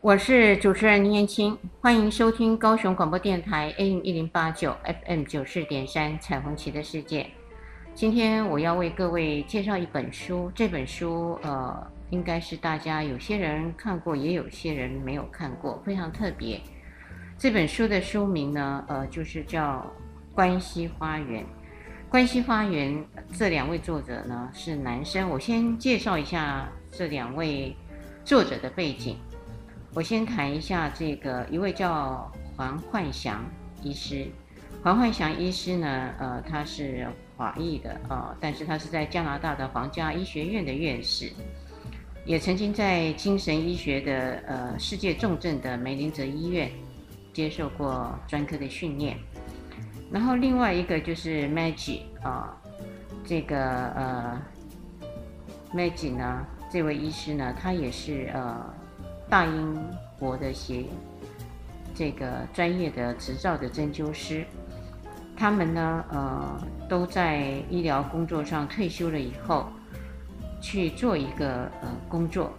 我是主持人林燕卿，歡迎收聽高雄廣播電臺 AM 一零八九 FM 九四點三《彩虹旗的世界》。今天我要為各位介紹一本書，這本書呃，應該是大家有些人看過，也有些人沒有看過，非常特別。這本書的書名呢，呃，就是叫《關係花園》。《關係花園》這兩位作者呢是男生，我先介紹一下這兩位作者的背景。我先談一下這個一位叫黃煥祥醫師，黃煥祥醫師呢，呃，他是華裔的呃，但是他是在加拿大的皇家醫學院的院士，也曾經在精神醫學的呃世界重症的梅林澤醫院接受過專科的訓練，然後另外一個就是麥基卓啊、呃，這個呃麥基卓呢，這位醫師呢，他也是呃。大英國的一些這個專業的執照的針灸師，他們呢呃都在醫療工作上退休了以後去做一個呃工作。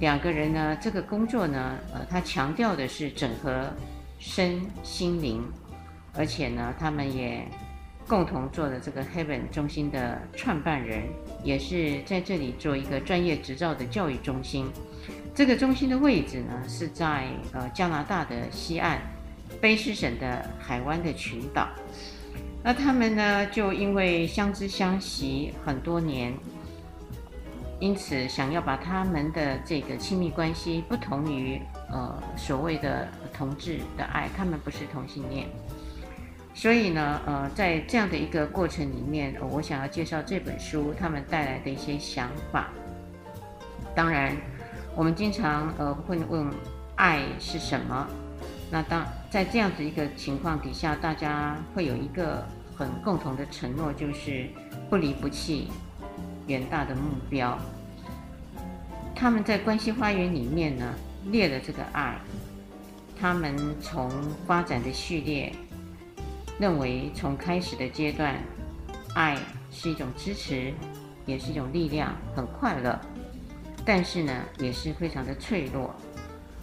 兩個人呢，這個工作呢呃他強調的是整合身心靈，而且呢他們也共同做了這個 heaven 中心的創辦人，也是在這裡做一個專業執照的教育中心。這個中心的位置呢，是在呃加拿大的西岸，卑詩省的海灣的群島。那他們呢，就因為相知相惜很多年，因此想要把他們的這個親密關係不同於呃所謂的同志的愛，他們不是同性戀。所以呢，呃，在這樣的一個過程裡面，呃，我想要介紹這本書他們帶來的一些想法。當然。我們經常呃會問，愛是什麼？那當在這樣子一個情況底下，大家會有一個很共同的承諾，就是不離不棄，遠大的目標。他們在關係花園裡面呢，列了這個愛，他們從發展的序列認為，從開始的階段，愛是一種支持，也是一種力量，很快樂，但是呢，也是非常的脆弱。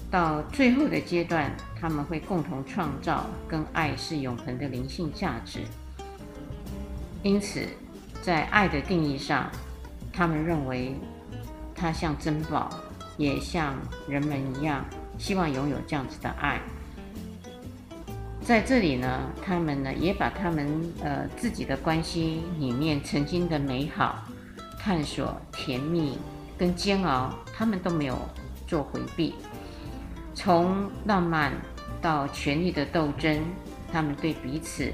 到最後的階段，他們會共同創造跟愛是永恆的靈性價值。因此，在愛的定義上，他們認為它像珍寶，也像人們一樣希望擁有這樣子的愛。在這裡呢，他們呢也把他們呃自己的關係裡面曾經的美好、探索、甜蜜。跟煎熬，他們都沒有做回避。從浪漫到權力的鬥爭，他們對彼此，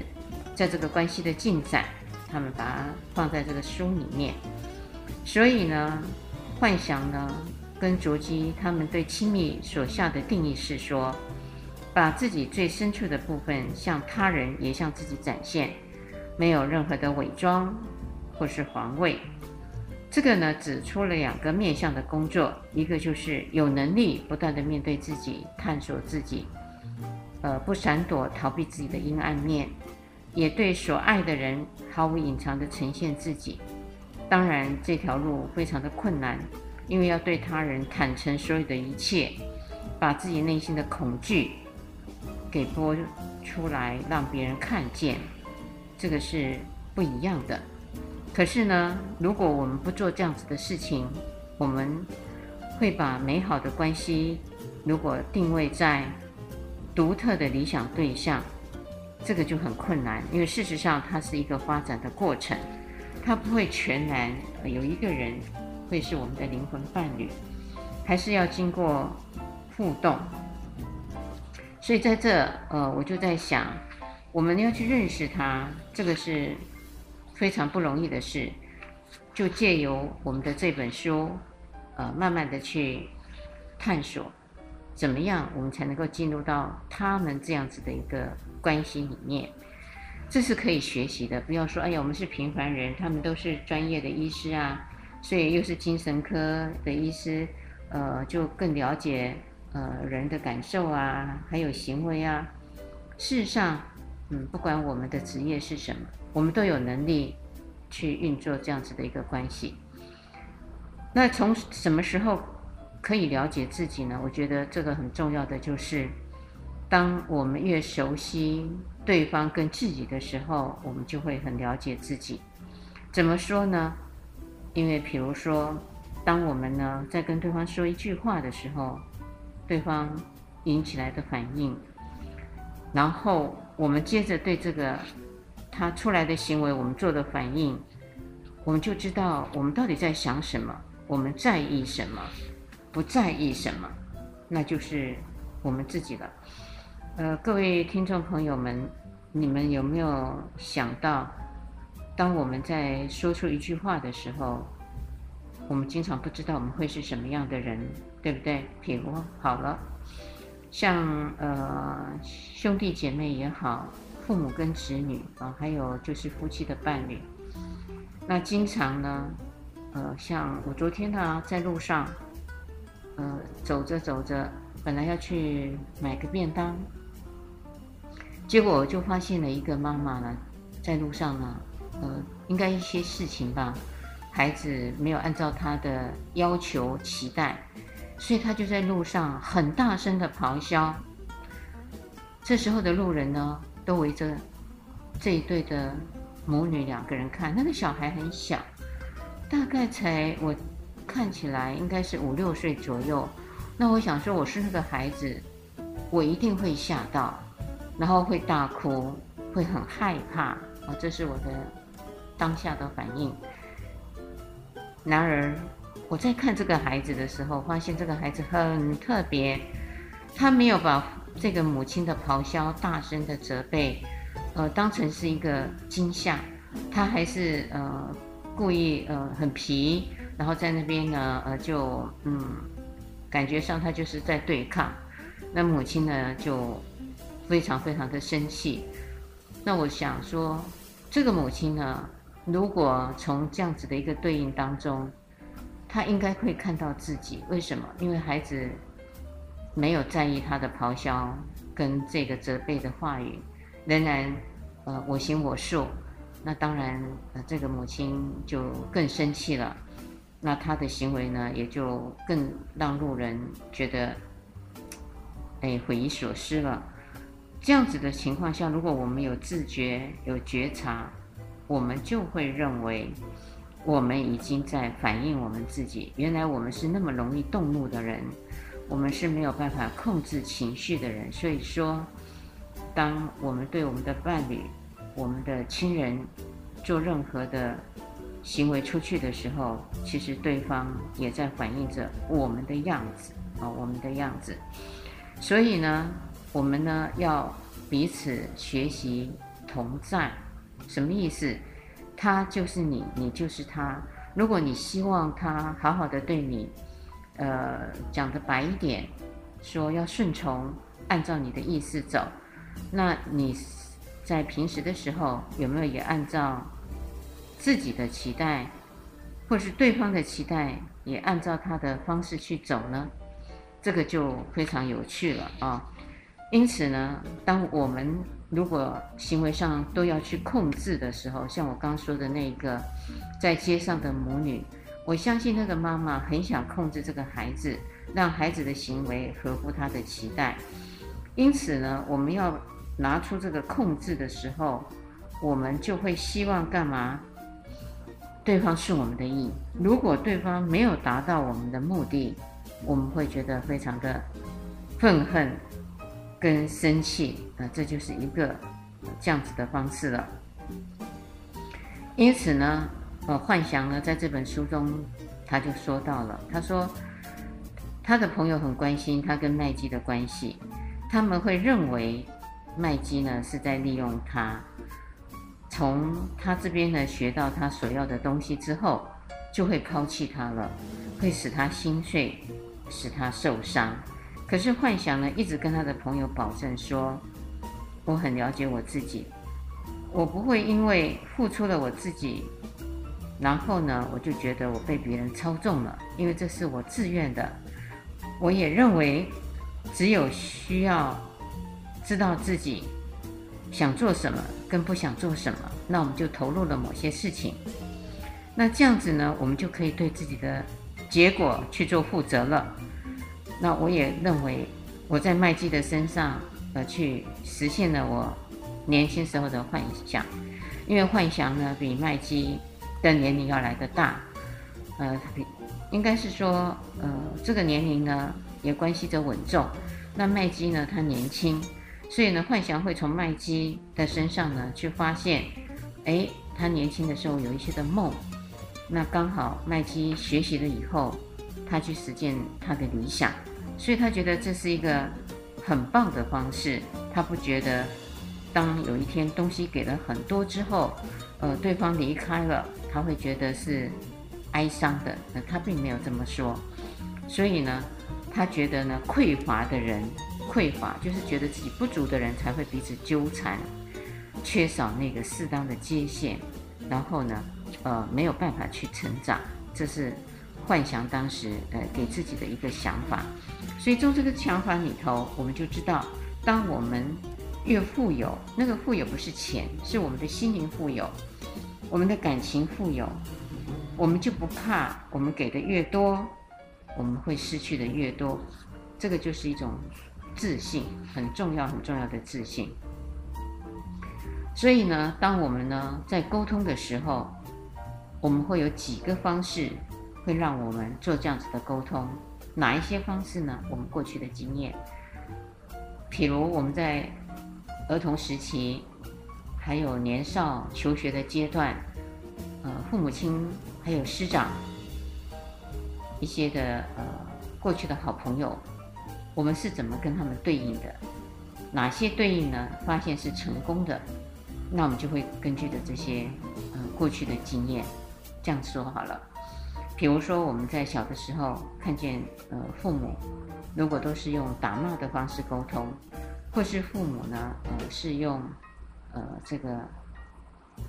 在這個關係的進展，他們把它放在這個書裡面。所以呢，煥祥呢，跟基卓他們對親密所下的定義是說，把自己最深處的部分向他人也向自己展現，沒有任何的偽裝或是防衛。這個呢，指出了兩個面向的工作，一個就是有能力不斷地面對自己，探索自己，呃，不閃躲，逃避自己的陰暗面，也對所愛的人毫無隱藏地呈現自己。當然，這條路非常的困難，因為要對他人坦誠所有的一切，把自己內心的恐懼給播出來，讓別人看見，這個是不一樣的。可是呢，如果我們不做這樣子的事情，我們會把美好的關係如果定位在獨特的理想對象，這個就很困難，因為事實上它是一個發展的過程，它不會全然有一個人會是我們的靈魂伴侶，還是要經過互動。所以在這呃，我就在想，我們要去認識他，這個是。非常不容易的事，就借由我們的這本書，呃，慢慢的去探索，怎麼樣我們才能夠進入到他們這樣子的一個關係裡面。這是可以學習的。不要說哎呀，我們是平凡人，他們都是專業的醫師啊，所以又是精神科的醫師，呃，就更了解呃人的感受啊，還有行為啊。事實上。嗯，不管我們的職業是什麼，我們都有能力去運作這樣子的一個關係。那從什麼時候可以了解自己呢？我覺得這個很重要的就是，當我們越熟悉對方跟自己的時候，我們就會很了解自己。怎麼說呢？因為比如說，當我們呢，在跟對方說一句話的時候，對方引起來的反應，然後。我們接着對這個他出來的行為，我們做的反應，我們就知道我們到底在想什麼，我們在意什麼，不在意什麼，那就是我們自己了。呃，各位聽眾朋友們，你們有沒有想到，當我們在說出一句話的時候，我們經常不知道我們會是什麼樣的人，對不對？譬如，好了。像呃兄弟姐妹也好，父母跟子女啊，還有就是夫妻的伴侶，那經常呢，呃，像我昨天呢、啊、在路上，呃，走着走着，本來要去買個便當，結果就發現了一個媽媽呢，在路上呢，呃，應該一些事情吧，孩子沒有按照她的要求期待，所以他就在路上很大聲的咆哮。這時候的路人呢，都圍着這一對的母女兩個人看。那個小孩很小，大概才我看起來應該是五六歲左右。那我想說，我是那個孩子，我一定會嚇到，然後會大哭，會很害怕啊！這是我的當下的反應。然而。我在看這個孩子的時候，發現這個孩子很特別，他沒有把這個母親的咆哮、大聲的責備，呃，當成是一個驚嚇，他還是呃故意呃很皮，然後在那邊呢呃就嗯，感覺上他就是在對抗，那母親呢就非常非常的生氣。那我想說，這個母親呢，如果從這樣子的一個對應當中。他應該會看到自己為什麼？因為孩子沒有在意他的咆哮跟這個責備的話語，仍然呃我行我素。那當然，呃這個母親就更生氣了。那他的行為呢，也就更讓路人覺得誒匪夷所思了。這樣子的情況下，如果我們有自覺有覺察，我們就會認為。我們已經在反映我們自己，原來我們是那麼容易動怒的人，我們是沒有辦法控制情緒的人。所以說，當我們對我們的伴侶、我們的親人做任何的行為出去的時候，其實對方也在反映着我們的樣子啊，我們的樣子。所以呢，我們呢要彼此學習同在，什麼意思？他就是你，你就是他。如果你希望他好好的對你，呃，講得白一點，說要順從，按照你的意思走，那你在平時的時候有沒有也按照自己的期待，或是對方的期待，也按照他的方式去走呢？這個就非常有趣了啊。因此呢，當我們如果行為上都要去控制的時候，像我剛說的那一個在街上的母女，我相信那個媽媽很想控制這個孩子，讓孩子的行為合乎她的期待。因此呢，我們要拿出這個控制的時候，我們就會希望幹嘛？對方順我們的意。如果對方沒有達到我們的目的，我們會覺得非常的憤恨。跟生氣，啊、呃，這就是一個這樣子的方式了。因此呢，呃，煥祥呢，在這本書中他就說到了，他說他的朋友很關心他跟麥基的關係，他們會認為麥基呢是在利用他，從他這邊呢學到他所要的東西之後，就會拋棄他了，會使他心碎，使他受傷。可是煥祥呢，一直跟他的朋友保證說：“我很了解我自己，我不會因為付出了我自己，然後呢，我就覺得我被別人操縱了，因為這是我自願的。我也認為，只有需要知道自己想做什麼跟不想做什麼，那我們就投入了某些事情。那這樣子呢，我們就可以對自己的結果去做負責了。”那我也認為，我在麥基的身上，呃，去實現了我年輕時候的幻想，因為煥祥呢比麥基的年齡要來得大，呃，呃，他比，應該是說，呃，這個年齡呢也關係着穩重。那麥基呢他年輕，所以呢煥祥會從麥基的身上呢去發現，哎，他年輕的時候有一些的夢，那剛好麥基學習了以後。他去實踐他的理想，所以他覺得這是一個很棒的方式。他不覺得，當有一天東西給了很多之後，呃，對方離開了，他會覺得是哀傷的。那他並沒有這麼說。所以呢，他覺得呢，匱乏的人，匱乏就是覺得自己不足的人，才會彼此糾纏，缺少那個適當的界限，然後呢，呃，沒有辦法去成長。這是。幻想當時，呃，給自己的一個想法，所以從這個想法裡頭，我們就知道，當我們越富有，那個富有不是錢，是我們的心靈富有，我們的感情富有，我們就不怕我們給的越多，我們會失去的越多。這個就是一種自信，很重要，很重要的自信。所以呢，當我們呢在溝通的時候，我們會有幾個方式。會讓我們做這樣子的溝通，哪一些方式呢？我們過去的經驗，比如我們在兒童時期，還有年少求學的階段，呃，父母親還有師長，一些的呃過去的好朋友，我們是怎麼跟他們對應的？哪些對應呢？發現是成功的，那我們就會根據的這些呃過去的經驗，這樣說好了。比如說，我們在小的時候看見，呃，父母如果都是用打罵的方式溝通，或是父母呢，呃，是用，呃，這個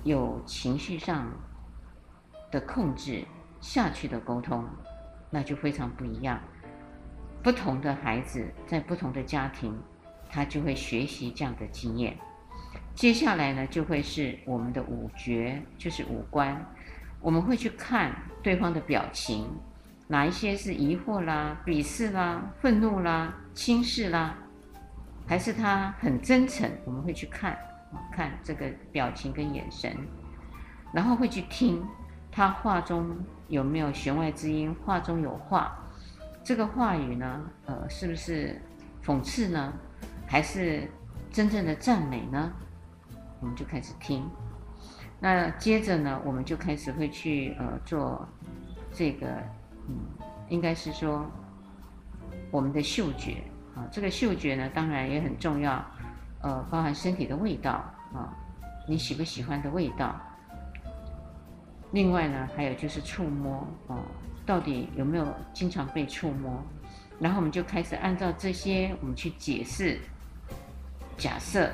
有情緒上的控制下去的溝通，那就非常不一樣。不同的孩子在不同的家庭，他就會學習這樣的經驗。接下來呢，就會是我們的五覺，就是五官。我們會去看對方的表情，哪一些是疑惑啦、鄙視啦、憤怒啦、輕視啦，還是他很真誠？我們會去看，看這個表情跟眼神，然後會去聽他話中有沒有弦外之音、話中有話，這個話語呢，呃，是不是諷刺呢，還是真正的讚美呢？我們就開始聽。那接着呢，我們就開始會去呃做這個，嗯，應該是說我們的嗅覺啊，這個嗅覺呢當然也很重要，呃，包含身體的味道啊，你喜不喜歡的味道。另外呢，還有就是觸摸啊，到底有沒有經常被觸摸？然後我們就開始按照這些，我們去解釋、假設、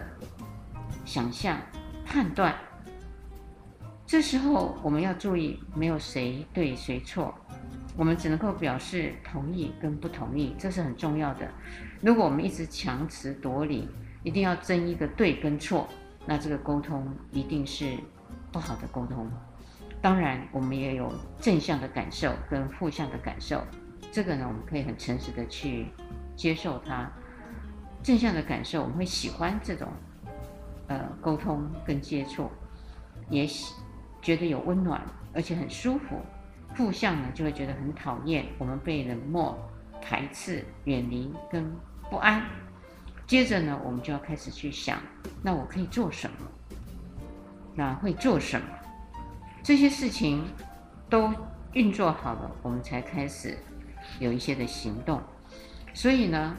想象、判斷。這時候我們要注意，沒有誰對誰錯，我們只能夠表示同意跟不同意，這是很重要的。如果我們一直強詞奪理，一定要爭一個對跟錯，那這個溝通一定是不好的溝通。當然，我們也有正向的感受跟負向的感受，這個呢，我們可以很誠實的去接受它。正向的感受，我們會喜歡這種呃溝通跟接觸，也喜。覺得有溫暖，而且很舒服。負向呢，就會覺得很討厭。我們被冷漠、排斥、遠離跟不安。接着呢，我們就要開始去想，那我可以做什麼？那會做什麼？這些事情都運作好了，我們才開始有一些的行動。所以呢，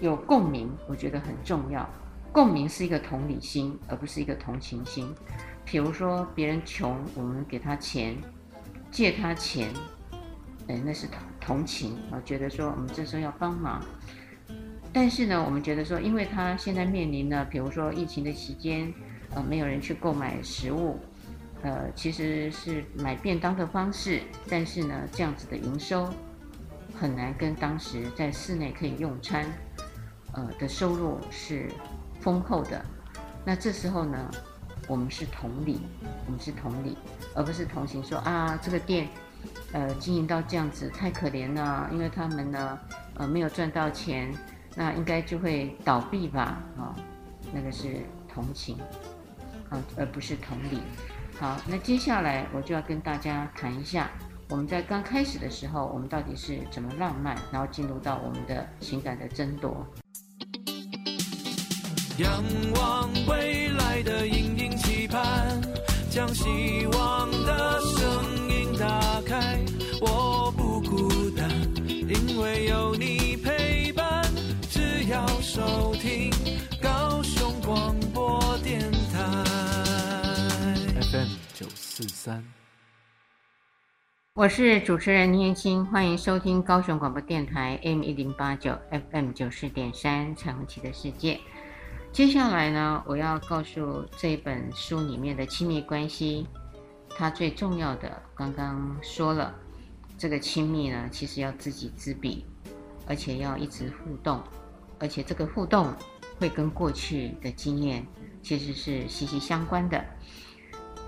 有共鳴，我覺得很重要。共鳴是一個同理心，而不是一個同情心。.比如說別人窮，我們給他錢，借他錢，誒、哎，那是同情啊，覺得說我們這時候要幫忙。但是呢，我們覺得說，因為他現在面臨了，比如說疫情的期間，呃，沒有人去購買食物，呃，其實是買便當的方式。但是呢，這樣子的營收很難跟當時在室內可以用餐，呃的收入是豐厚的。那這時候呢？我們是同理，我們是同理，而不是同情說。說啊，這個店，呃，經營到這樣子太可憐了，因為他們呢，呃，沒有賺到錢，那應該就會倒閉吧？啊、哦，那個是同情，啊，而不是同理。好，那接下來我就要跟大家談一下，我們在剛開始的時候，我們到底是怎麼浪漫，然後進入到我們的情感的爭奪。將希望的聲音打開，我不孤單，因為有你陪伴。只要收聽高雄廣播電台 FM 九四三，我是主持人林燕卿歡迎收聽高雄廣播電台 M 一零八九 FM 九四點三，彩虹旗的世界接下來呢，我要告訴這本書裡面的親密關係，它最重要的剛剛說了，這個親密呢，其實要知己知彼，而且要一直互動，而且這個互動會跟過去的經驗其實是息息相關的。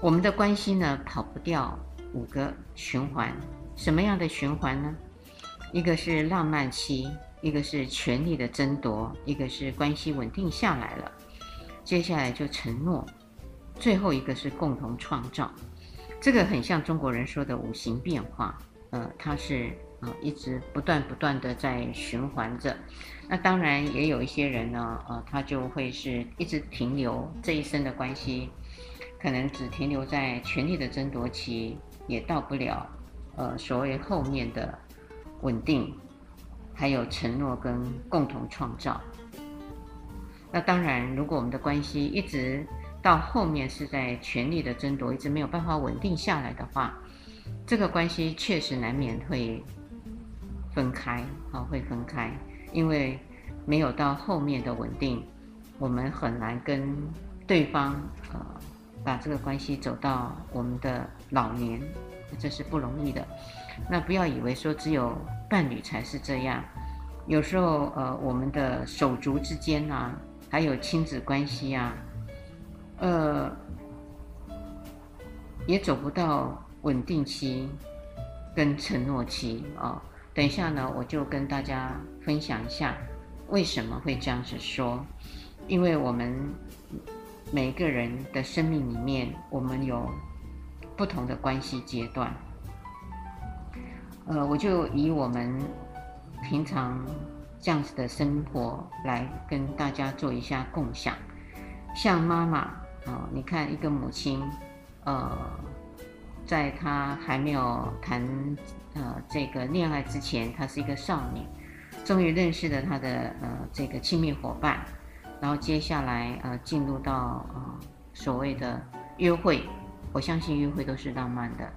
我們的關係呢，跑不掉五個循環，什麼樣的循環呢？一個是浪漫期。一個是權力的爭奪，一個是關係穩定下來了，接下來就承諾，最後一個是共同創造，這個很像中國人說的五行變化，呃，它是呃一直不斷不斷的在循環着，那當然也有一些人呢，呃，他就會是一直停留這一生的關係，可能只停留在權力的爭奪期，也到不了呃所謂後面的穩定。還有承諾跟共同創造。那當然，如果我們的關係一直到後面是在權力的爭奪，一直沒有辦法穩定下來的話，這個關係確實難免會分開啊，會分開。因為沒有到後面的穩定，我們很難跟對方呃把這個關係走到我們的老年，這是不容易的。那不要以為說只有伴侶才是這樣，有時候呃，我們的手足之間啊，還有親子關係啊，呃，也走不到穩定期跟承諾期啊，哦。等一下呢，我就跟大家分享一下為什麼會這樣子說，因為我們每個人的生命裡面，我們有不同的關係階段。呃，我就以我們平常這樣子的生活來跟大家做一下共享。像媽媽啊，呃，你看一個母親，呃，在她還沒有談呃這個戀愛之前，她是一個少女，終於認識了她的呃這個親密夥伴，然後接下來呃進入到呃所謂的約會，我相信約會都是浪漫的。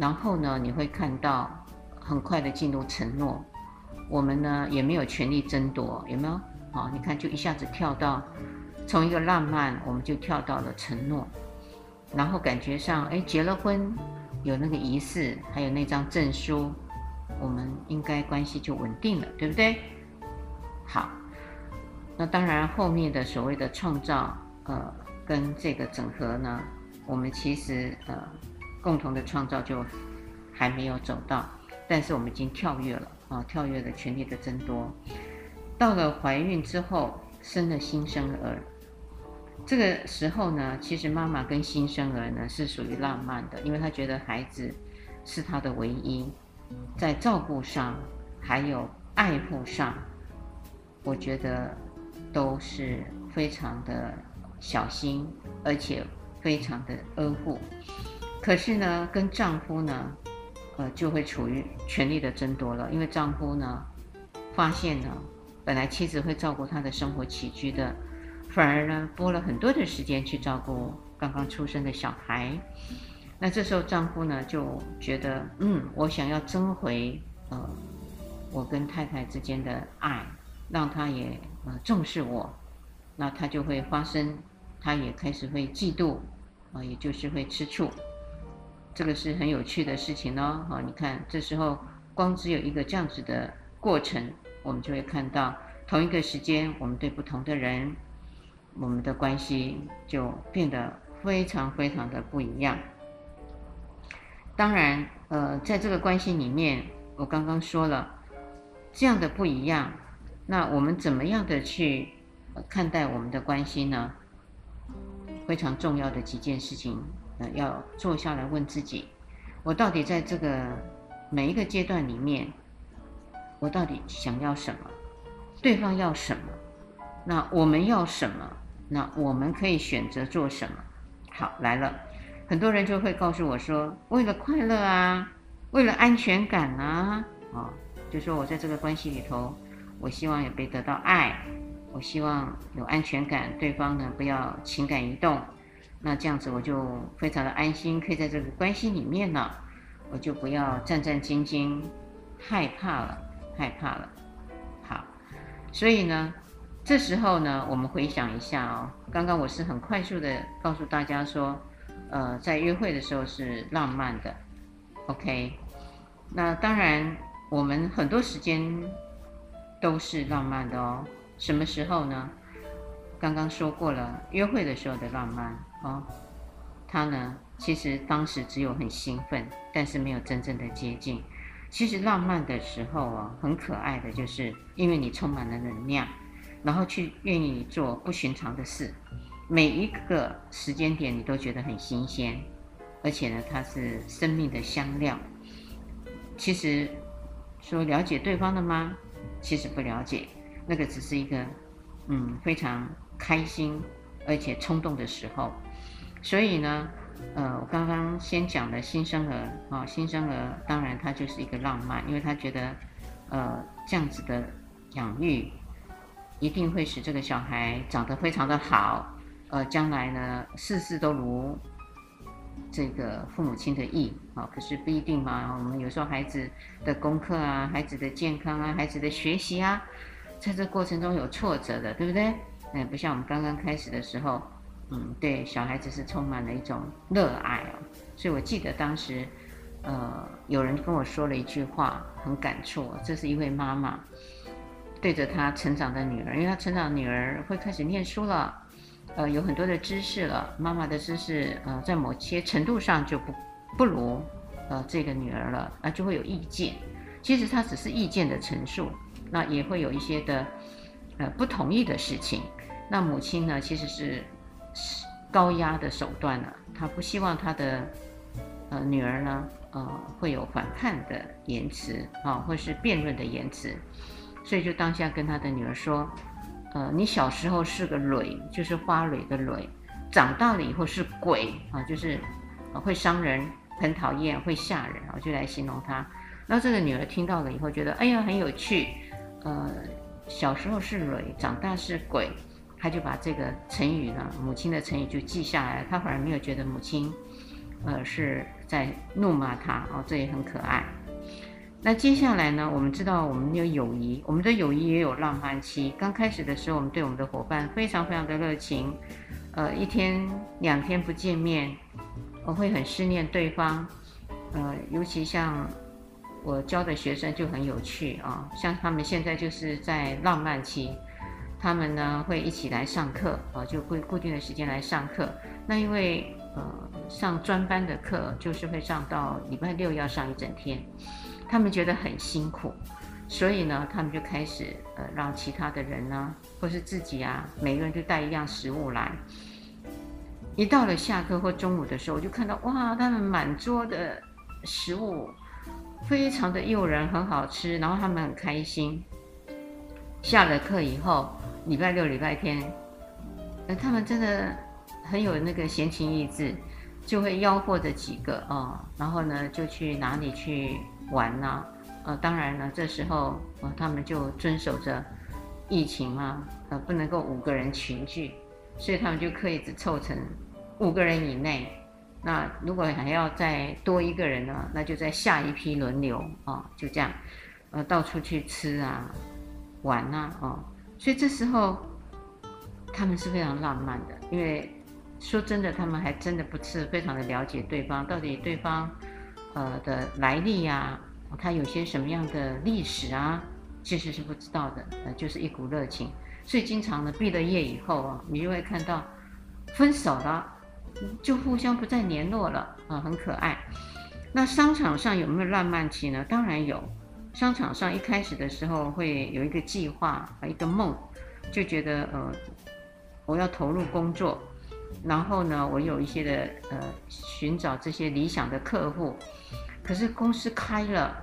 然後呢，你會看到很快的進入承諾。我們呢也沒有權利爭奪，有沒有？好，你看就一下子跳到從一個浪漫，我們就跳到了承諾。然後感覺上，哎，結了婚，有那個儀式，還有那張證書，我們應該關係就穩定了，對不對？好，那當然後面的所謂的創造，呃，跟這個整合呢，我們其實呃。共同的創造就還沒有走到，但是我們已經跳躍了啊！跳躍的權利的增多，到了懷孕之後，生了新生兒，這個時候呢，其實媽媽跟新生兒呢是屬於浪漫的，因為她覺得孩子是她的唯一，在照顧上還有愛護上，我覺得都是非常的小心，而且非常的呵護。可是呢，跟丈夫呢，呃，就會處於權力的爭奪了。因為丈夫呢，發現呢，本來妻子會照顧他的生活起居的，反而呢，撥了很多的時間去照顧剛剛出生的小孩。那這時候丈夫呢，就覺得，嗯，我想要爭回，呃，我跟太太之間的愛，讓他也呃重視我，那他就會發生，他也開始會嫉妒，啊、呃，也就是會吃醋。這個是很有趣的事情嘍，好，你看，這時候光只有一個這樣子的過程，我們就會看到同一個時間，我們對不同的人，我們的關係就變得非常非常的不一樣。當然，呃，在這個關係裡面，我剛剛說了這樣的不一樣，那我們怎麼樣的去看待我們的關係呢？非常重要的幾件事情。要坐下來問自己：我到底在這個每一個階段裡面，我到底想要什麼？對方要什麼？那我們要什麼？那我們可以選擇做什麼？好，來了，很多人就會告訴我說：為了快樂啊，為了安全感啊，啊，就說我在這個關係裡頭，我希望有被得到愛，我希望有安全感，對方呢，不要情感移動。那這樣子我就非常的安心，可以在這個關係裡面呢，我就不要戰戰兢兢、害怕了，害怕了。好，所以呢，這時候呢，我們回想一下哦，剛剛我是很快速的告訴大家說，呃，在約會的時候是浪漫的，OK。那當然，我們很多時間都是浪漫的哦。什麼時候呢？剛剛說過了，約會的時候的浪漫。哦，他呢，其實當時只有很興奮，但是沒有真正的接近。其實浪漫的時候啊，很可愛的就是，因為你充滿了能量，然後去願意做不尋常的事，每一個時間點你都覺得很新鮮，而且呢，它是生命的香料。其實說了解對方的嗎？其實不了解，那個只是一個，嗯，非常開心而且衝動的時候。所以呢，呃，我剛剛先講了新生兒啊、哦，新生兒當然他就是一個浪漫，因為他覺得，呃，這樣子的養育一定會使這個小孩長得非常的好，呃，將來呢，事事都如這個父母親的意啊、哦。可是不一定嘛，我們有時候孩子的功課啊，孩子的健康啊，孩子的學習啊，在這過程中有挫折的，對不對？哎、嗯，不像我們剛剛開始的時候。嗯，對，小孩子是充滿了一種熱愛哦，所以我記得當時，呃，有人跟我說了一句話，很感觸。這是一位媽媽對着她成長的女兒，因為她成長的女兒會開始念書了，呃，有很多的知識了，媽媽的知識呃，在某些程度上就不不如呃這個女兒了，那、呃、就會有意見。其實她只是意見的陳述，那也會有一些的呃不同意的事情。那母親呢，其實是。高壓的手段呢、啊？他不希望他的呃女兒呢，呃會有反抗的言辭啊、或、呃、是辯論的言辭，所以就當下跟他的女兒說，呃，你小時候是個蕊，就是花蕊的蕊，長大了以後是鬼啊、呃，就是會傷人，很討厭，會嚇人啊，就來形容她。那這個女兒聽到了以後，覺得哎呀很有趣，呃，小時候是蕊，長大是鬼。他就把這個成語呢，母親的成語就記下來了。他反而沒有覺得母親，呃，是在怒罵他哦，這也很可愛。那接下來呢，我們知道我們有友誼，我們的友誼也有浪漫期。剛開始的時候，我們對我們的夥伴非常非常的熱情，呃，一天兩天不見面，我會很思念對方。呃，尤其像我教的學生就很有趣啊，哦，像他們現在就是在浪漫期。他們呢會一起來上課啊，就會固定的時間來上課。那因為呃上專班的課就是會上到禮拜六要上一整天，他們覺得很辛苦，所以呢他們就開始呃讓其他的人呢或是自己啊，每個人就帶一樣食物來。一到了下課或中午的時候，我就看到哇，他們滿桌的食物非常的誘人，很好吃，然後他們很開心。下了課以後。禮拜六、禮拜天，呃，他們真的很有那個閒情逸致，就會吆喝着幾個啊、哦，然後呢，就去哪裡去玩吶、啊？呃，當然了，這時候啊、呃，他們就遵守着疫情啊，呃，不能夠五個人群聚，所以他們就可以只湊成五個人以內。那如果還要再多一個人呢，那就在下一批輪流啊、哦，就這樣，呃，到處去吃啊，玩吶、啊，哦。所以這時候，他們是非常浪漫的，因為說真的，他們還真的不是非常的了解對方到底對方，呃的來歷呀、啊，他有些什麼樣的歷史啊，其實是不知道的，呃，就是一股熱情。所以經常呢，畢了業以後啊，你就會看到，分手了，就互相不再聯絡了啊、呃，很可愛。那商場上有沒有浪漫期呢？當然有。商場上一開始的時候會有一個計劃，和一個夢，就覺得呃，我要投入工作，然後呢，我有一些的呃，尋找這些理想的客戶。可是公司開了，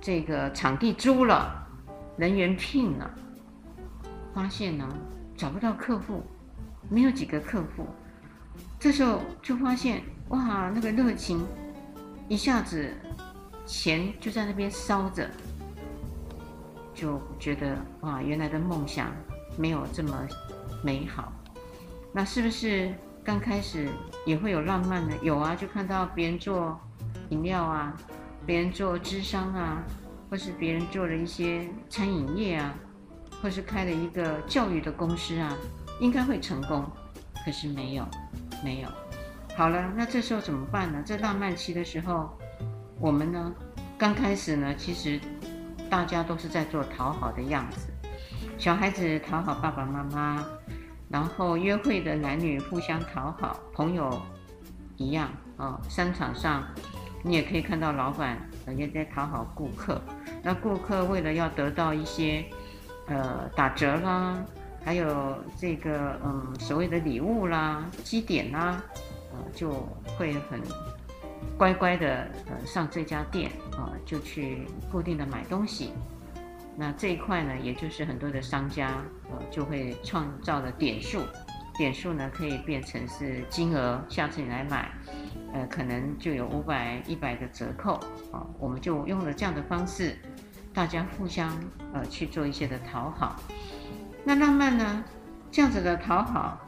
這個場地租了，人員聘了，發現呢，找不到客戶，沒有幾個客戶。這時候就發現哇，那個熱情一下子。錢就在那邊燒着，就覺得哇，原來的夢想沒有這麼美好。那是不是剛開始也會有浪漫的？有啊，就看到別人做飲料啊，別人做諮商啊，或是別人做了一些餐飲業啊，或是開了一個教育的公司啊，應該會成功，可是沒有，沒有。好了，那這時候怎麼辦呢？在浪漫期的時候。我們呢，剛開始呢，其實大家都是在做討好的樣子。小孩子討好爸爸媽媽，然後約會的男女互相討好，朋友一樣啊。哦，商場上你也可以看到老闆也在討好顧客，那顧客為了要得到一些呃打折啦，還有這個嗯所謂的禮物啦、積點啦啊、呃，就會很。乖乖的呃上這家店啊，就去固定的買東西。那這一塊呢，也就是很多的商家呃就會創造的點數，點數呢可以變成是金額。下次你來買，呃可能就有五百一百的折扣啊。我們就用了這樣的方式，大家互相呃去做一些的討好。那浪漫呢，這樣子的討好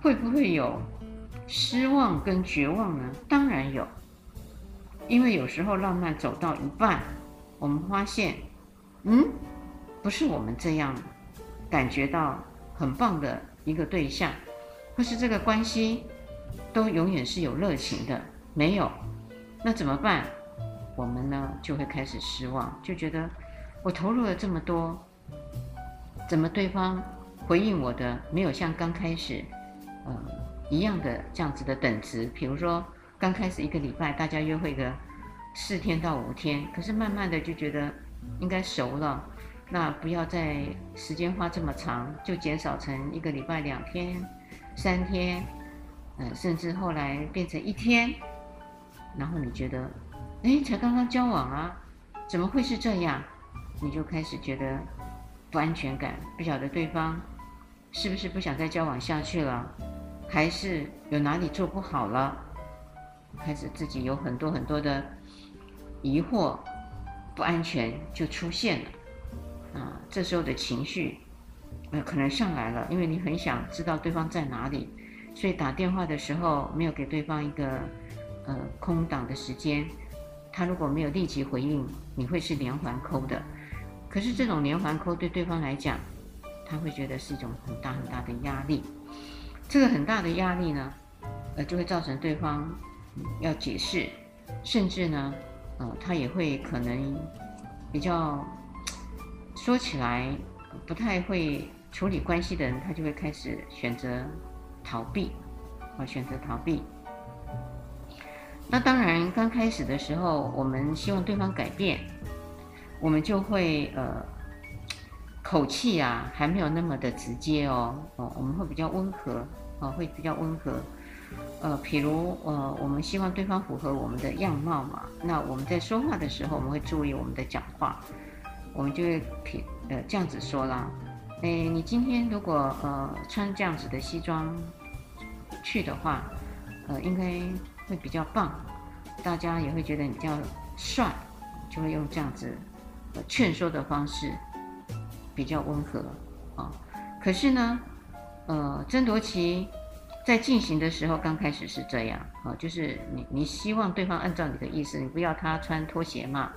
會不會有失望跟絕望呢？當然有。因為有時候浪漫走到一半，我們發現，嗯，不是我們這樣感覺到很棒的一個對象，或是這個關係，都永遠是有熱情的，沒有，那怎麼辦？我們呢就會開始失望，就覺得我投入了這麼多，怎麼對方回應我的沒有像剛開始，呃、嗯、一樣的這樣子的等值，比如說。剛開始一個禮拜，大家約會個四天到五天，可是慢慢的就覺得應該熟了，那不要再時間花這麼長，就減少成一個禮拜兩天、三天，嗯，甚至後來變成一天。然後你覺得，哎，才剛剛交往啊，怎麼會是這樣？你就開始覺得不安全感，不曉得對方是不是不想再交往下去了，還是有哪裡做不好了？開始自己有很多很多的疑惑、不安全就出現了啊！這時候的情緒呃可能上來了，因為你很想知道對方在哪裡，所以打電話的時候沒有給對方一個呃空檔的時間。他如果沒有立即回應，你會是連環 call 的。可是這種連環 call 對對方來講，他會覺得是一種很大很大的壓力。這個很大的壓力呢，呃，就會造成對方。要解釋，甚至呢，呃、哦，他也會可能比較說起來不太會處理關係的人，他就會開始選擇逃避，啊，選擇逃避。那當然，剛開始的時候，我們希望對方改變，我們就會呃，口氣呀、啊、還沒有那麼的直接哦，哦，我們會比較溫和，哦，會比較溫和。呃，譬如呃，我們希望對方符合我們的樣貌嘛，那我們在說話的時候，我們會注意我們的講話，我們就會品呃這樣子說啦。誒，你今天如果呃穿這樣子的西裝去的話，呃，應該會比較棒，大家也會覺得你比較帥，就會用這樣子呃勸說的方式，比較溫和啊、哦。可是呢，呃，爭奪期。在進行的時候，剛開始是這樣啊，就是你你希望對方按照你的意思，你不要他穿拖鞋嘛，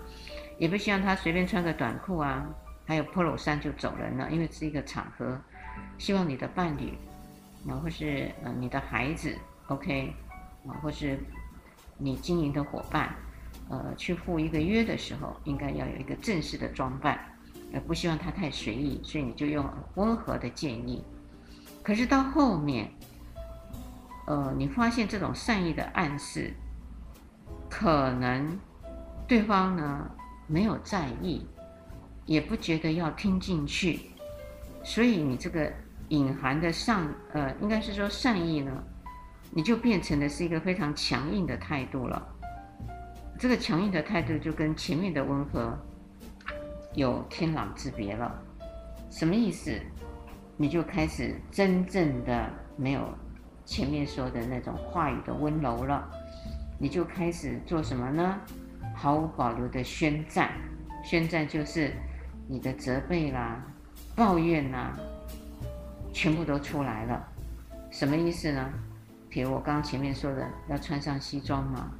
也不希望他隨便穿個短褲啊，還有 Polo 衫就走人了，因為是一個場合，希望你的伴侶，啊，或是呃你的孩子，OK，啊，或是你經營的夥伴，呃，去赴一個約的時候，應該要有一個正式的裝扮，呃，不希望他太隨意，所以你就用溫和的建議，可是到後面。呃，你發現這種善意的暗示，可能對方呢沒有在意，也不覺得要聽進去，所以你這個隱含的善，呃，應該是說善意呢，你就變成的是一個非常強硬的態度了。這個強硬的態度就跟前面的溫和有天壤之別了。什麼意思？你就開始真正的沒有。前面說的那種話語的溫柔了，你就開始做什麼呢？毫無保留的宣戰，宣戰就是你的責備啦、抱怨啦、啊，全部都出來了。什麼意思呢？比如我剛前面說的，要穿上西裝嘛，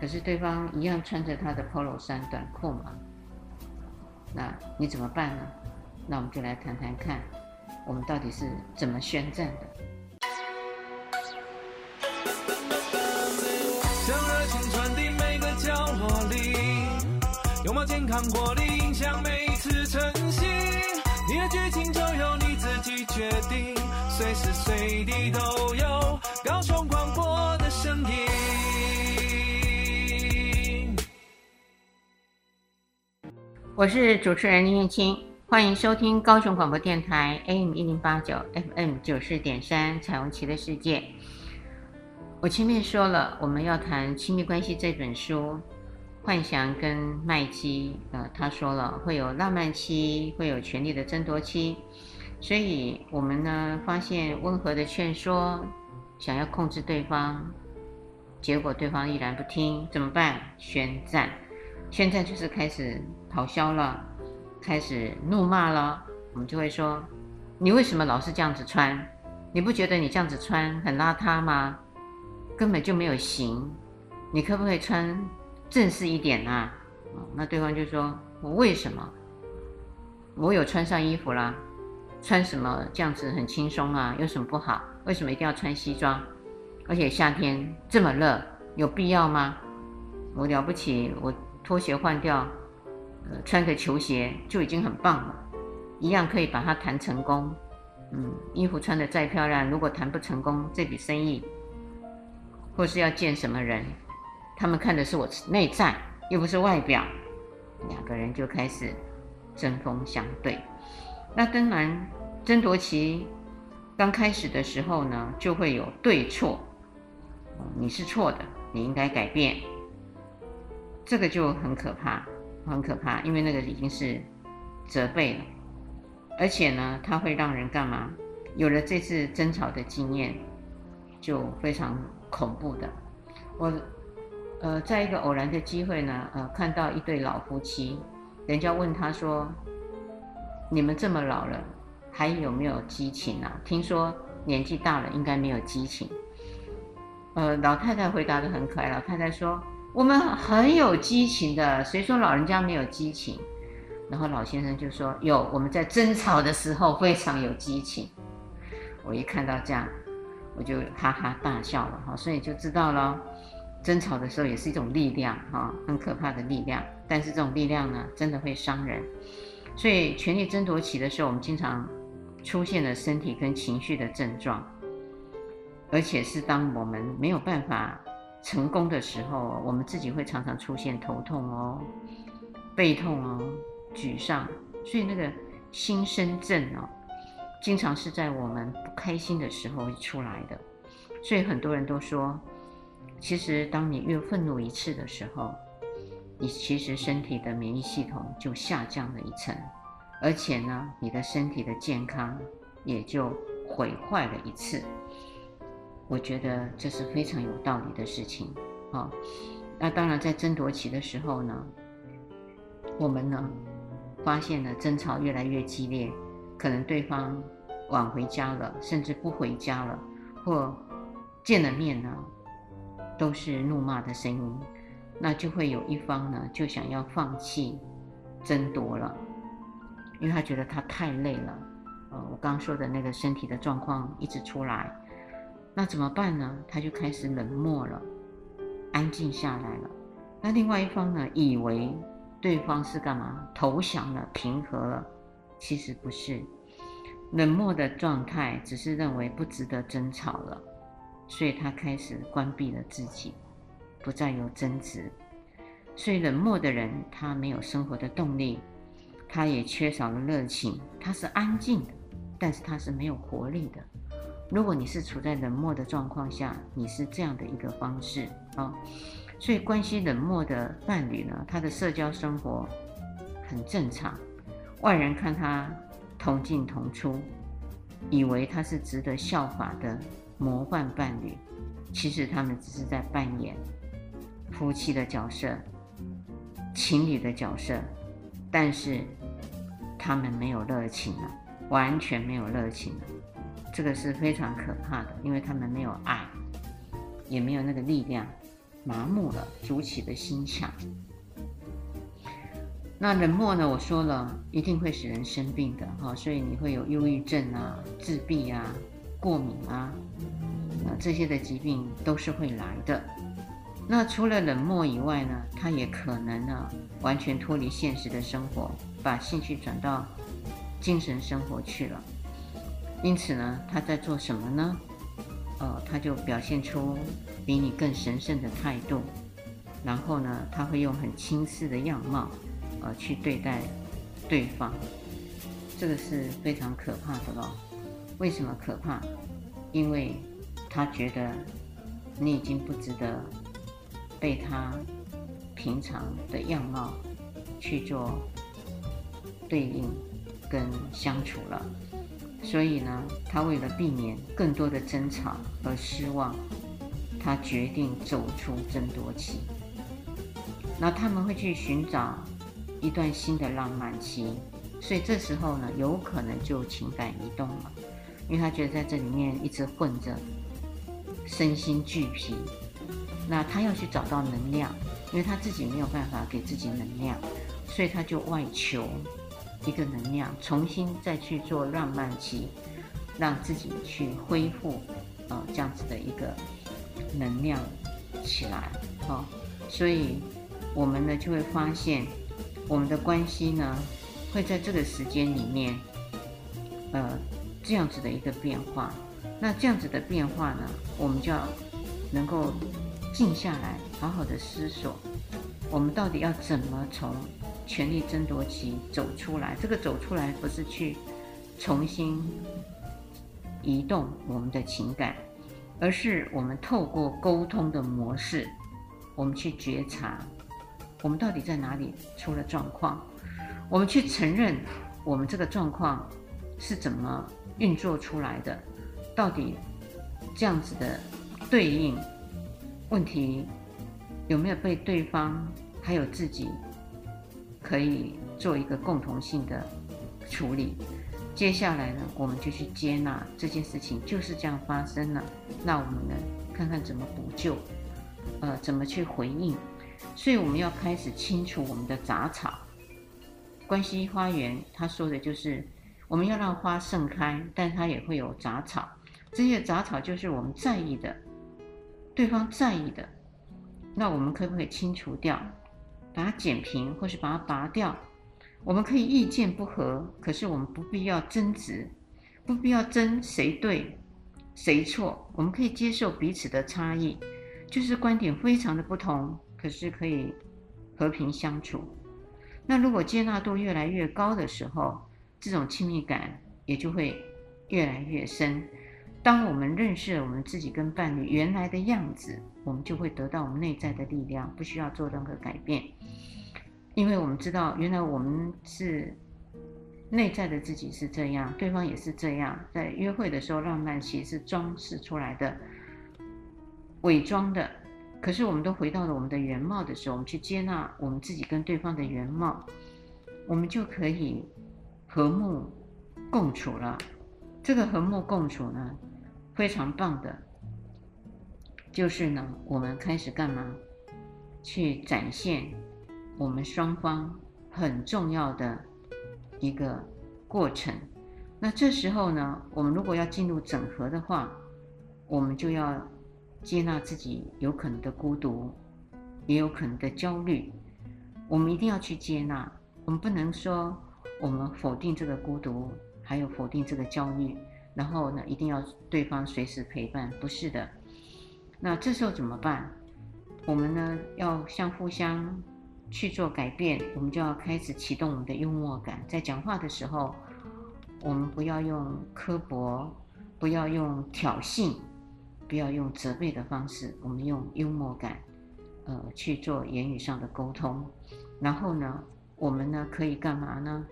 可是對方一樣穿着他的 Polo 衫、短褲嘛，那你怎麼辦呢？那我們就來談談看，我們到底是怎麼宣戰的？的的力，隨時隨地都有高雄廣播的聲音。我是主持人林燕卿，歡迎收聽高雄廣播電台 AM 一零八九 FM 九四點三彩虹旗的世界。我前面說了，我們要談親密關係這本書，煥祥跟麥基卓，呃，他說了會有浪漫期，會有權力的爭奪期，所以我們呢發現溫和的勸說，想要控制對方，結果對方依然不聽，怎麼辦？宣戰！宣戰就是開始咆哮了，開始怒罵了。我們就會說，你為什麼老是這樣子穿？你不覺得你這樣子穿很邋遢嗎？根本就沒有型，你可不可以穿正式一點啊？哦，那對方就說：“我為什麼？我有穿上衣服啦，穿什麼這樣子很輕鬆啊，有什麼不好？為什麼一定要穿西裝？而且夏天這麼熱，有必要嗎？我了不起，我拖鞋換掉，呃，穿個球鞋就已經很棒了，一樣可以把它談成功。嗯，衣服穿得再漂亮，如果談不成功，這筆生意。”或是要見什麼人，他們看的是我內在，又不是外表。兩個人就開始針鋒相對。那當然，爭奪期剛開始的時候呢，就會有對錯。你是錯的，你應該改變。這個就很可怕，很可怕，因為那個已經是責備了。而且呢，它會讓人幹嘛？有了這次爭吵的經驗，就非常。恐怖的，我呃，在一個偶然的機會呢，呃，看到一對老夫妻，人家問他說：“你們這麼老了，還有沒有激情啊？聽說年紀大了應該沒有激情。”呃，老太太回答得很可愛，老太太說：“我們很有激情的，誰說老人家沒有激情？”然後老先生就說：“有，我們在爭吵的時候非常有激情。”我一看到這樣。我就哈哈大笑了哈，所以就知道了，爭吵的時候也是一種力量哈，很可怕的力量。但是這種力量呢，真的會傷人。所以權力爭奪期的時候，我們經常出現了身體跟情緒的症狀，而且是當我們沒有辦法成功的時候，我們自己會常常出現頭痛哦、背痛哦、沮喪。所以那個心身症哦。經常是在我們不開心的時候出來的，所以很多人都說，其實當你越憤怒一次的時候，你其實身體的免疫系統就下降了一層，而且呢，你的身體的健康也就毀壞了一次。我覺得這是非常有道理的事情。好，那當然在爭奪期的時候呢，我們呢，發現了爭吵越來越激烈，可能對方。晚回家了，甚至不回家了，或見了面呢，都是怒罵的聲音，那就會有一方呢，就想要放棄爭奪了，因為他覺得他太累了，呃，我剛剛說的那個身體的狀況一直出來，那怎麼辦呢？他就開始冷漠了，安靜下來了。那另外一方呢，以為對方是幹嘛投降了、平和了，其實不是。冷漠的狀態，只是認為不值得爭吵了，所以他開始關閉了自己，不再有爭執。所以冷漠的人，他沒有生活的動力，他也缺少了熱情。他是安靜的，但是他是沒有活力的。如果你是處在冷漠的狀況下，你是這樣的一個方式啊。所以關係冷漠的伴侶呢，他的社交生活很正常，外人看他，同進同出，以為他是值得效法的模範伴侶，其實他們只是在扮演夫妻的角色、情侶的角色，但是他們沒有熱情了，完全沒有熱情了。這個是非常可怕的，因為他們沒有愛，也沒有那個力量，麻木了，築起的心牆。那冷漠呢？我說了一定會使人生病的哈，所以你會有憂鬱症啊、自閉啊、過敏啊，啊這些的疾病都是會來的。那除了冷漠以外呢，他也可能呢完全脫離現實的生活，把興趣轉到精神生活去了。因此呢，他在做什麼呢？呃，他就表現出比你更神聖的態度，然後呢，他會用很輕視的樣貌。而去對待對方，這個是非常可怕的嘍。為什麼可怕？因為，他覺得你已經不值得被他平常的樣貌去做對應跟相處了。所以呢，他為了避免更多的爭吵和失望，他決定走出爭奪期。那他們會去尋找。一段新的浪漫期，所以這時候呢，有可能就情感移動了，因為他覺得在這裡面一直混着，身心俱疲，那他要去找到能量，因為他自己沒有辦法給自己能量，所以他就外求一個能量，重新再去做浪漫期，讓自己去恢復，呃，這樣子的一個能量起來，好，所以我們呢就會發現。我們的關係呢，會在這個時間裡面，呃，這樣子的一個變化。那這樣子的變化呢，我們就要能夠靜下來，好好的思索，我們到底要怎麼從權力爭奪期走出來？這個走出來不是去重新移動我們的情感，而是我們透過溝通的模式，我們去覺察。我們到底在哪裡出了狀況？我們去承認我們這個狀況是怎麼運作出來的？到底這樣子的對應問題有沒有被對方還有自己可以做一個共同性的處理？接下來呢，我們就去接納這件事情就是這樣發生了。那我們呢，看看怎麼補救，呃，怎麼去回應。所以我們要開始清除我們的雜草。關係花園他說的就是，我們要讓花盛開，但它也會有雜草。這些雜草就是我們在意的，對方在意的。那我們可不可以清除掉？把它剪平，或是把它拔掉？我們可以意見不合，可是我們不必要爭執，不必要爭誰對誰錯。我們可以接受彼此的差異，就是觀點非常的不同。可是可以和平相處。那如果接納度越來越高的時候，這種親密感也就會越來越深。當我們認識了我們自己跟伴侶原來的樣子，我們就會得到我們內在的力量，不需要做任何改變。因為我們知道，原來我們是內在的自己是這樣，對方也是這樣。在約會的時候，浪漫其實是裝飾出來的，偽裝的。可是，我們都回到了我們的原貌的時候，我們去接納我們自己跟對方的原貌，我們就可以和睦共處了。這個和睦共處呢，非常棒的，就是呢，我們開始幹嘛？去展現我們雙方很重要的一個過程。那這時候呢，我們如果要進入整合的話，我們就要。接納自己有可能的孤獨，也有可能的焦慮，我們一定要去接納。我們不能說我們否定這個孤獨，還有否定這個焦慮，然後呢，一定要對方隨時陪伴，不是的。那這時候怎麼辦？我們呢，要相互相去做改變。我們就要開始啟動我們的幽默感，在講話的時候，我們不要用刻薄，不要用挑釁。不要用責備的方式，我們用幽默感，呃，去做言語上的溝通。然後呢，我們呢可以幹嘛呢？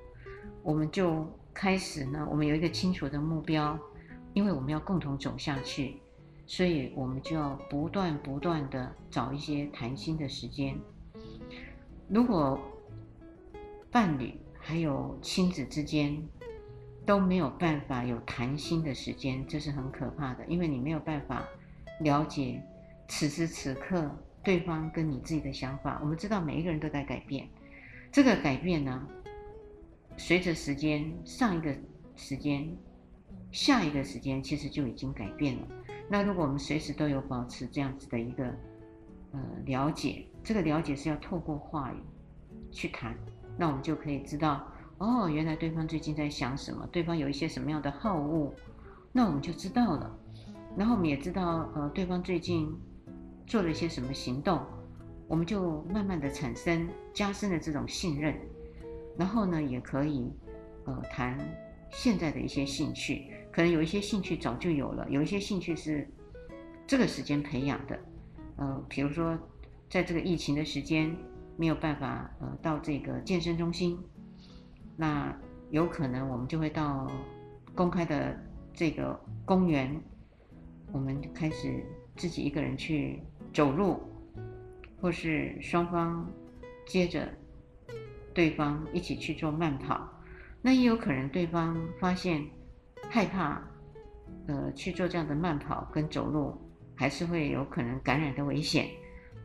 我們就開始呢，我們有一個清楚的目標，因為我們要共同走下去，所以我們就要不斷不斷的找一些談心的時間。如果伴侶還有親子之間，都沒有辦法有談心的時間，這是很可怕的，因為你沒有辦法了解此時此刻對方跟你自己的想法。我們知道每一個人都在改變，這個改變呢，隨着時間，上一個時間、下一個時間，其實就已經改變了。那如果我們隨時都有保持這樣子的一個呃了解，這個了解是要透過話語去談，那我們就可以知道。哦，原來對方最近在想什麼，對方有一些什麼樣的好惡，那我們就知道了。然後我們也知道，呃，對方最近做了一些什麼行動，我們就慢慢地產生加深的這種信任。然後呢，也可以，呃，談現在的一些興趣，可能有一些興趣早就有了，有一些興趣是這個時間培養的。呃，比如說在這個疫情的時間沒有辦法，呃，到這個健身中心。那有可能我們就會到公開的這個公園，我們開始自己一個人去走路，或是雙方接着對方一起去做慢跑。那也有可能對方發現害怕，呃，去做這樣的慢跑跟走路，還是會有可能感染的危險。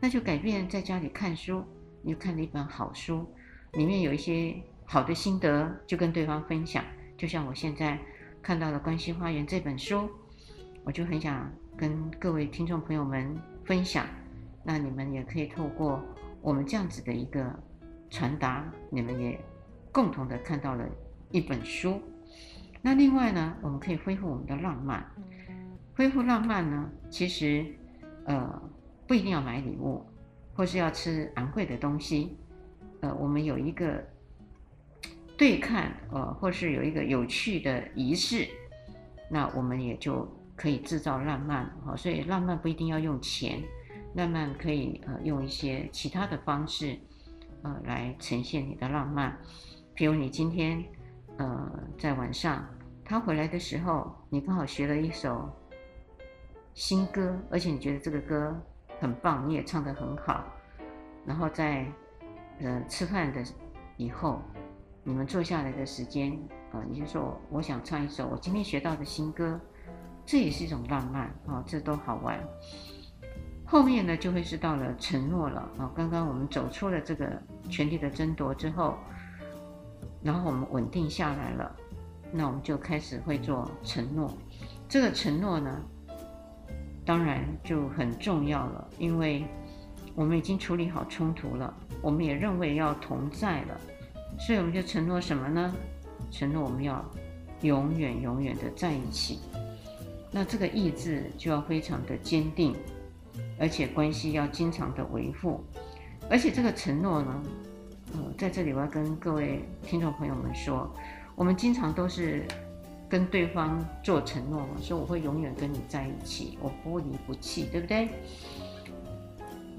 那就改變在家裡看書，你又看了一本好書，裡面有一些。好的心得就跟對方分享，就像我現在看到了《關係花園》這本書，我就很想跟各位聽眾朋友們分享。那你們也可以透過我們這樣子的一個傳達，你們也共同的看到了一本書。那另外呢，我們可以恢復我們的浪漫，恢復浪漫呢，其實呃不一定要買禮物，或是要吃昂貴的東西。呃，我們有一個。對看，呃，或是有一個有趣的儀式，那我們也就可以制造浪漫，好，所以浪漫不一定要用錢，浪漫可以呃用一些其他的方式，呃，來呈現你的浪漫，比如你今天呃在晚上他回來的時候，你剛好學了一首新歌，而且你覺得這個歌很棒，你也唱得很好，然後在呃吃飯的以後。你們坐下來的時間，啊，你就說我想唱一首我今天學到的新歌，這也是一種浪漫啊，這都好玩。後面呢，就會是到了承諾了啊。剛剛我們走出了這個權力的爭奪之後，然後我們穩定下來了，那我們就開始會做承諾。這個承諾呢，當然就很重要了，因為我們已經處理好衝突了，我們也認為要同在了。所以我們就承諾什麼呢？承諾我們要永遠、永遠的在一起。那這個意志就要非常的堅定，而且關係要經常的維護，而且這個承諾呢，嗯，在這裡我要跟各位聽眾朋友們說，我們經常都是跟對方做承諾，說我會永遠跟你在一起，我不離不棄，對不對？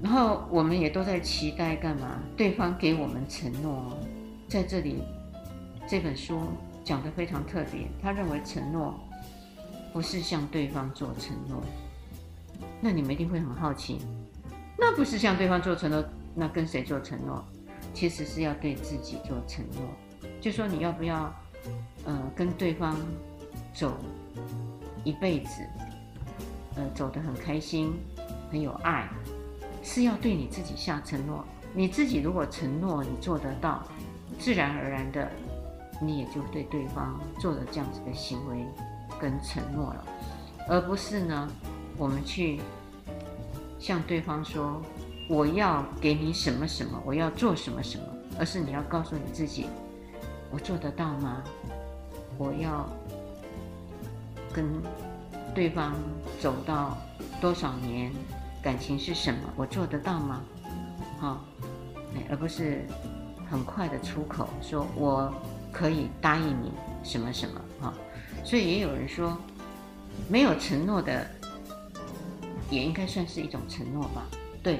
然後我們也都在期待幹嘛？對方給我們承諾。在這裡，這本書講得非常特別。他認為承諾不是向對方做承諾。那你們一定會很好奇，那不是向對方做承諾，那跟誰做承諾？其實是要對自己做承諾。就說你要不要，呃，跟對方走一輩子，呃，走得很開心，很有愛，是要對你自己下承諾。你自己如果承諾，你做得到。自然而然的，你也就對對方做了這樣子的行為跟承諾了，而不是呢，我們去向對方說我要給你什麼什麼，我要做什麼什麼，而是你要告訴你自己，我做得到嗎？我要跟對方走到多少年，感情是什麼？我做得到嗎？好，而不是。很快的出口，說我可以答應你什麼什麼啊，所以也有人說，沒有承諾的也應該算是一種承諾吧？對，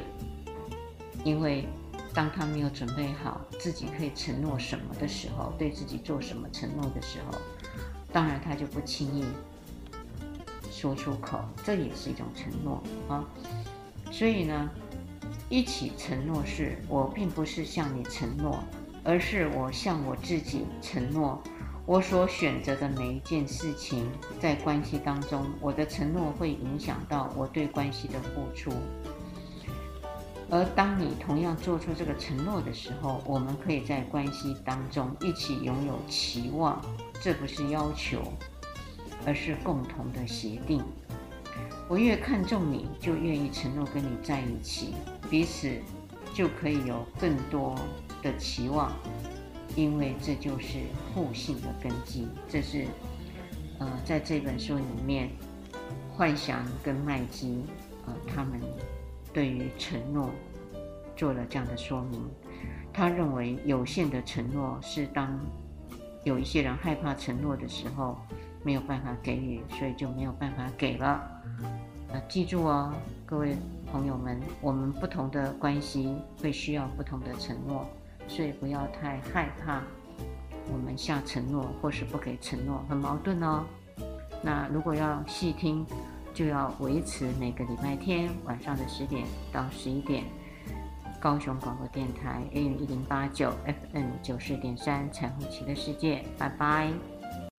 因為當他沒有準備好自己可以承諾什麼的時候，對自己做什麼承諾的時候，當然他就不輕易說出口，這也是一種承諾啊。所以呢？一起承諾是，是我並不是向你承諾，而是我向我自己承諾。我所選擇的每一件事情，在關係當中，我的承諾會影響到我對關係的付出。而當你同樣做出這個承諾的時候，我們可以在關係當中一起擁有期望。這不是要求，而是共同的協定。我越看重你，就越願意承諾跟你在一起。彼此就可以有更多的期望，因為這就是互信的根基。這是呃，在這本書裡面，煥祥跟麥基啊、呃，他們對於承諾做了這樣的說明。他認為有限的承諾是當有一些人害怕承諾的時候，沒有辦法給予，所以就沒有辦法給了。啊、呃，記住哦，各位。朋友們，我們不同的關係會需要不同的承諾，所以不要太害怕我們下承諾或是不給承諾，很矛盾哦。那如果要細聽，就要維持每個禮拜天晚上的十點到十一點，高雄廣播電台 AM 一零八九 FM 九四點三彩虹旗的世界，拜拜。